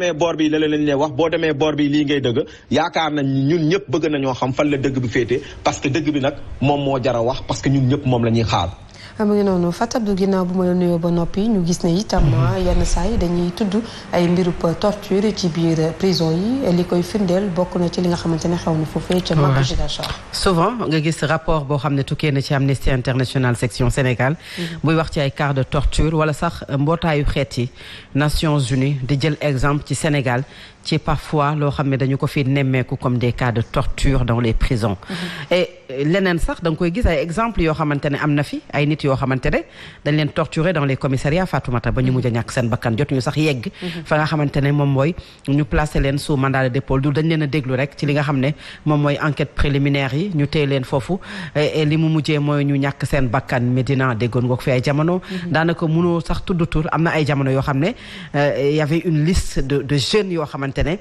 demee boor bi la lañ lay wax boo demee boor bi lii ngay dëgg yaakaar nañ ñun ñëpp bëgg nañoo xam fan la dëgg bi féete parce que dëgg bi nag moom moo jara wax parce que ñun ñëpp moom la ñuy mu ngi noonu Fatou Abdou ginnaaw bu ma la nuyoo ba noppi ñu gis ne itam ah, yenn saay yi dañuy tudd ay mbirub torture ci biir prison yi li koy firndeel bokk na ci li nga xamante ne xew na foofee ca Maka Ziguinchor nga gis rapport boo xam ne tukkee na ci Amnesty International section Sénégal mhm. buy wax ci ay cas de torture wala sax mbootaayu xeet yi Nations Unies di jël exemple ci Sénégal ci parfois loo xam ne dañu ko fi nemmeeku comme des cas de torture dans les prisons mhm. et euh, leneen sax da koy gis ay exemple yoo xamante ne am na fi ay nit yoo xamante ne dañ leen torturer dans a mhm. a déglu xam ne moom mooy enquête préliminaire yi ñu téye foofu et mujjee mooy ñu ñàkk seen bakkan Médina déggoon nga fi ay jamono mhm. daanaka mënoo sax tudd tur am na ay jamono yoo xam ne euh, y avait une liste de de yoo xamante xamante ne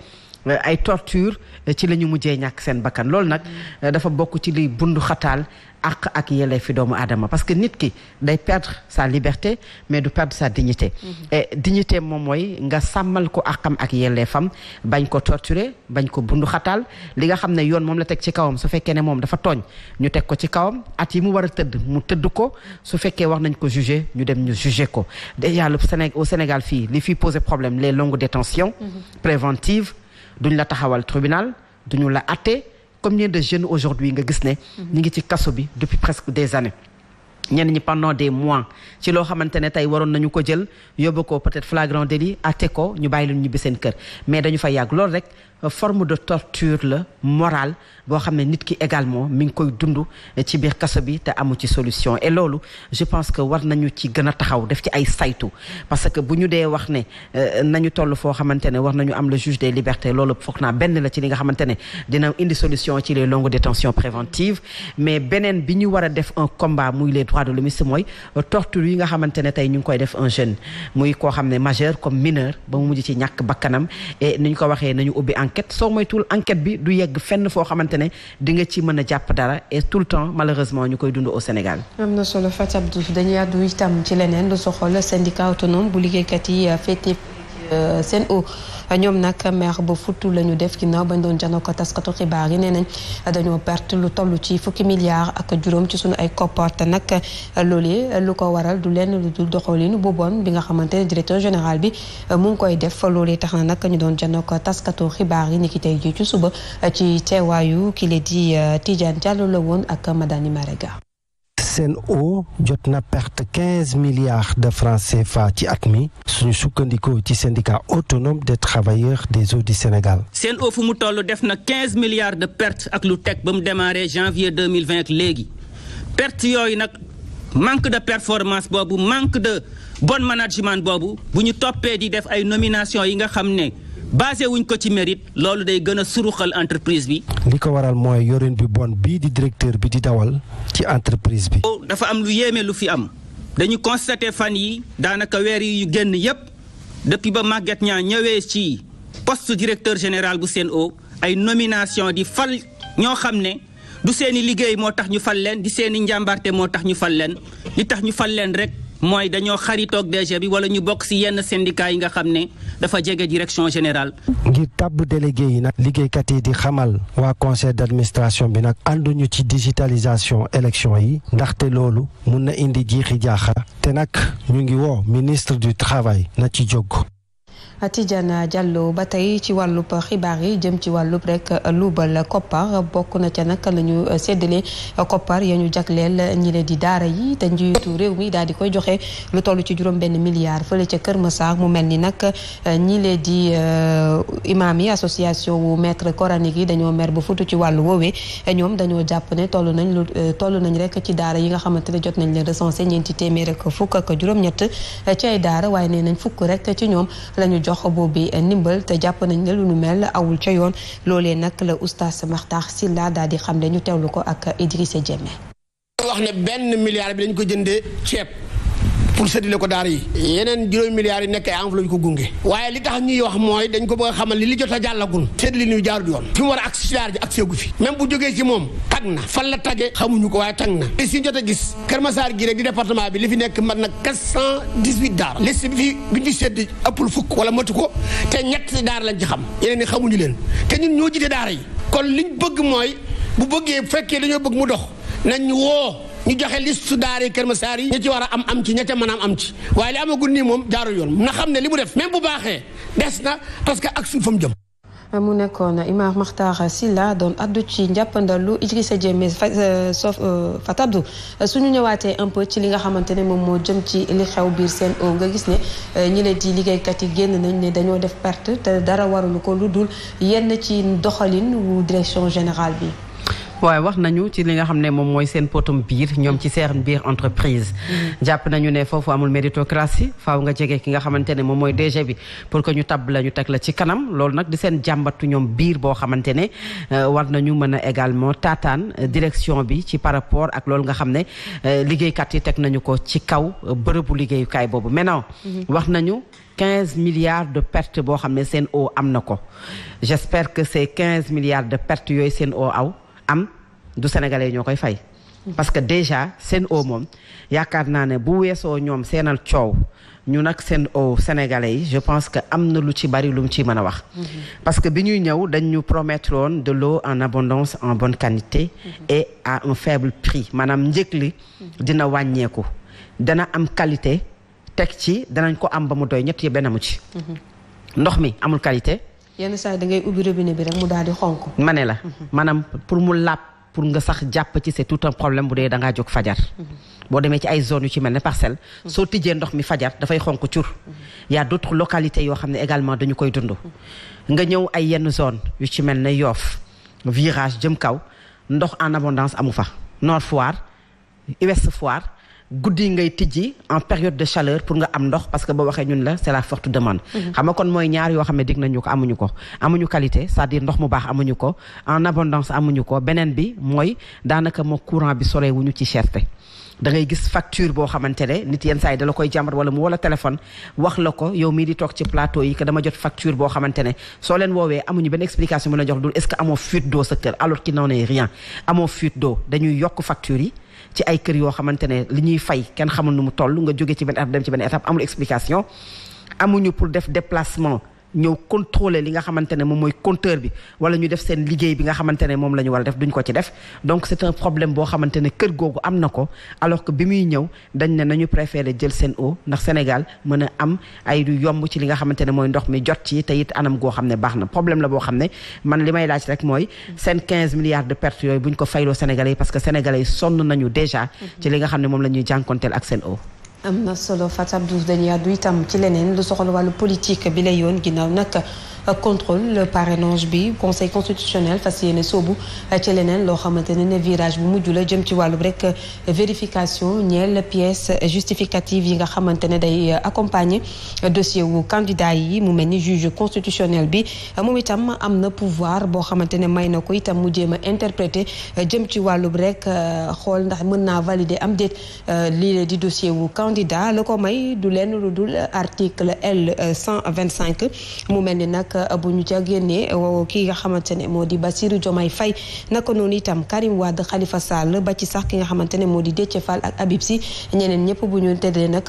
Euh, ay torture euh, ci la ñu mujjee ñàkk seen bakkan loolu nag euh, dafa bokk ci liy bundu xataal àq ak yellee fi doomu aadama parce que nit ki day perdre sa liberté mais du perdre sa dignité mhm. et dignité moom mooy nga sàmmal ko àqam ak yellee fam bañ ko torturer bañ ko bundu xataal li nga xam ne yoon moom la teg ci kawam su fekkee ne moom dafa tooñ ñu teg ko ci kawam at yi mu war a tëdd mu tëdd ko su fekkee wax nañ ko juger ñu dem ñu juger ko déjà le Sénégal au Sénégal fii li fi posé problème les longues détentions mhm. préventives duñ la taxawal tribunal ñu la atte combien de jeunes aujourd'hui nga gis ne mhm. ñi ngi ci kaso bi depuis presque des années ñenn ñi pendant des mois ci loo xamante ne tey waroon nañu ko jël yóbbu ko peut-être flagrant délit atte ko ñu bàyyi leen ñibbi seen kër mais dañu fa yag lool rek forme de torture la morale boo xam ne nit ki également mi ngi koy dund ci biir kaso bi te amu ci solution et loolu je pense que war nañu ci gën a taxaw def ci ay saytu parce que bu ñu dee wax ne euh, nañu toll foo xamante ne war nañu am la juge des libertés loolu foog naa benn la ci li nga xamante ne dina indi solution ci les longues détentions préventives mais beneen bi ñu war a def un combat muy les droits de l'hommiste mooy torture yi nga xamante ne tey ñu ngi koy def un jeune muy koo ne majeur comme mineur ba mu mujj ci enquête soo tul enquête bi du yegg fenn foo xamante ne di nga ci mën a jàpp dara et tout le temps malheureusement ñu koy dund au Sénégal. am na solo Fatou Abdou dañuy àddu itam ci leneen lu soxal syndicat autonome bu liggéeykat yi euh, féetee. Euh, Sen'Eau ñoom nag meex ba futtu la ñu def ginnaaw bañ doon janoo ko taskatu xibaar yi nee nañ dañoo perte lu tollu ci fukki milliards ak juróom ci suñu ay kopparte nag loolee lu ko waral du lenn lu dul doxalin bu bon bi nga xamante ne directeur général bi mu ngi koy def loolee tax na nag ñu doon janoo ko taskatu xibaar yi ni ki tey jii ci suba ci teewaayu ki le di euh, Tidiane Diallo la woon ak Madani Marega Sen'Eau jot na perte quinze milliards de francs CFA ci at mi suñu sukkandikoo ci syndicat autonome des travailleurs des eaux du Sénégal. Sen'Eau fu mu toll def na quinze milliards de perte ak lu teg ba mu démarré janvier deux mille vingt léegi perte yooyu nag manque de performance boobu manque de bon management boobu bu ñu toppee di def ay nomination yi nga xam ne. basé wuñ ko ci mérite loolu day gën a suruxal entreprise bi. li ko waral mooy yorin bi bon bii di directeur bi di dawal ci entreprise bi. Oh, dafa am lu yéeme lu fi am dañu constaté fan yi daanaka weer yi génn yépp depuis ba màgget ñaa ñëwee ci poste directeur général bu seen Sen'Eau ay nomination di fal ñoo xam ne du seeni liggéey moo tax ñu fal leen di seeni njàmbarte moo tax ñu fal leen li tax ñu fal leen rek. mooy dañoo xaritoog DG bi wala ñu bokk si yenn syndicat yi nga xam ne dafa jege direction générale. ngir tàbb délégué yi nag liggéeykat yi di xamal waa conseil d'administration bi nag ànduñu ci digitalisation élection yi ndaxte loolu mun na indi jiixi jaaxa te nag ñu ngi woo ministre du travail na ci jóg. Tidjane jàlloo ba tey ci wàllu xibaar yi jëm ci wàllu rek luubal koppar bokk na ca nag lañu ñu séddale koppar ya ñu jagleel ñi le di daara yi te njiitu réew mi daal di koy joxe lu toll ci juróom benn milliard fële ca Kër Massar mu mel ni nag eh, ñi le di eh, imaam yi association wu maître coranique yi dañoo mer bu futu ci wàllu woowee ñoom dañoo jàpp ne toll nañ lu eh, toll nañ rek ci daara yi nga xamante ne jot nañ leen recensé ñeenti téeméer ak fukk ak juróom-ñett ci ay daara waaye nee nañ fukk rek ci ñoom lañu jox boobi ndimbal te jàpp nañ ne lu nu mel awul ca yoon loolee nag la oustaz si Silla daal di xam ne ñu teewlu ko ak Idrissa Diémé wax ne benn milliard bi dañ ko jëndee pour séddale ko daara yi yeneen juróomi milliards yi nekk ay enveloppe ko gunge waaye li tax ñuy wax mooy dañ ko bëgg a xamal li li jot a jàllagul séddale ñu jaarul yoon fi mu war a ak si daara ji ak seegu fi même bu jógee ci moom tag na fan ko waaye tag na li si jot a gis Kër Massar gi rek di département bi li fi nekk mat na 418 daara liste bi fi bi ñu sédd ëppul fukk wala ko ñett daara lañ ci xam yeneen ni xamuñu leen te ñun ñoo jiite daara yi kon liñ bëgg mooy bu bëggee fekkee dañoo bëgg mu dox nañ woo ñu joxe liste su daara Kër saar yi ña ci war a am am ci ña ca am ci waaye li amagul nii moom jaarul yoon na xam ne li mu def même bu baaxee des na parce que ak suuf fa mu jëm. mu nekkoon Imam Makhtar Silla doon addu ci njàppandalu Idrissa Diémé euh, sof euh, Fatabdou suñu ñëwaatee un ci li nga xamante ne moom moo jëm ci li xew biir seen o nga gis ne euh, ñi leen di liggéeykat yi génn nañ ne dañoo def perte te dara waralu ko lu dul yenn ci doxalin wu direction générale bi. waaye wax nañu ci li nga xam ne moom mooy seen potum biir ñoom ci seen biir entreprise. Mm-hmm. jàpp nañu ne foofu amul méritocratie faaw nga jege ki nga xamante ne moom mooy DG bi pour que ñu tab la ñu teg la ci kanam loolu nag di seen jàmbatu ñoom biir boo xamante ne euh, war nañu mën a également tataan euh, direction bi ci par rapport ak loolu nga xam ne euh, liggéeykat yi teg nañu ko ci kaw bërëbu liggéeyukaay boobu maintenant. Mm-hmm. wax nañu. 15 milliards de pertes boo xam ne Sen'Eau am na ko j'espère que ces 15 milliards de pertes yooyu Sen'Eau aw du sénégalais ñoo koy fay. parce que déjà seen o moom yaakaar naa ne bu weesoo ñoom seenal coow ñu nag seen o sénégalais yi je pense que am na lu ci bari lu ci mën a wax. parce que bi ñuy ñëw dañ ñu promettre woon de l'eau en abondance en bon qualité. et à un faible prix maanaam njëg li dina wàññeeku dana am qualité teg ci danañ ko am ba mu doy ñett yi benn mu ci. ndox mi amul qualité. yenn saa yi da ngay ubbi bi rek mu daal di xonk. ma ne la pour mu làpp pour nga sax jàpp ci c'est tout un problème bu dee da ngaa jóg fajar boo demee ci ay zone yu ci mel ne parcelle soo tijjee ndox mi fajar dafay xonk cur y a d'autres yoo xam ne également dañu koy dund nga ñëw ay yenn zone yu ci mel ne Yoff virage jëm kaw ndox en abondance amu fa Nord Foire Ouest Foire guddi ngay tijji en période de chaleur pour nga am ndox parce que ba waxee ñun la c'est la forte demande. Mhm. xam nga kon mooy ñaar yoo xam ne dig nañu ko amuñu ko. amuñu qualité cest à ndox mu baax amuñu ko en abondance amuñu ko beneen bi mooy daanaka moo courant bi soree wuñu ci cherté. da ngay gis facture boo xamante ne nit yenn saa yi dala koy jàmbar wala mu wala téléphone wax la ko yow mii di toog ci plateau yi que jot facture boo xamante ne soo leen woowee amuñu benn explication mu la jox dul est-ce que amoo fuite d'eau sa kër alors qu'il n'en yokk facture yi ci ay kër yoo xamante ne li ñuy fay kenn xamul nu mu toll nga jóge ci benn étape dem ci benn étape amul amuñu pour def déplacement ñëw contrôler li nga xamante ne moom mooy compteur bi wala ñu def seen liggéey bi nga xamante ne moom lañu war a def duñ ko ci def donc c'est un problème boo xamante ne kër googu am na ko alors que bi muy ñëw dañ ne nañu préféré jël seen o ndax Sénégal mën a am ay du yomb ci li nga xamante ne mooy ndox mi jot ci te it anam goo xam ne baax na problème la boo xam ne man li may laaj rek mooy seen 15 milliards de perte yooyu buñ ko fayloo Sénégalais yi parce que Sénégalais yi nañu déjà mhm. ci nga xam ne moom la ñuy jànkonteel ak seen eau am na solo Fatou Abdou dañuy àddu itam ci leneen lu soxal wàllu politique bi la yoon ginnaaw nag. Euh, contrôle le parrainage bi conseil constitutionnel fas yéene soobu euh, ci leneen loo xamante ne ne virage bu mujj la jëm ci wàllu rek euh, vérification ñeel pièce justificative yi nga xamante ne day accompagner dossier wu candidat yi mu mel ni juge constitutionnel bi moom itam am na pouvoir boo xamante ne may na ko itam mu jéem a interpréter jëm ci wàllub rek xool ndax mën naa valider am déet lii di dossier wu candidat la ko may du lenn lu dul article L 125 mu mel ni nag Eh, bu ñu ca génnee eh, wow ki nga xamante ne moo di Bassirou Diomaye fay naka noonu itam Karim Wade Khalifa Sall ba ci sax ki nga xamante ne moo di Déthié Fall ak Habib Sy ñeneen ñëpp bu ñu tëddee nag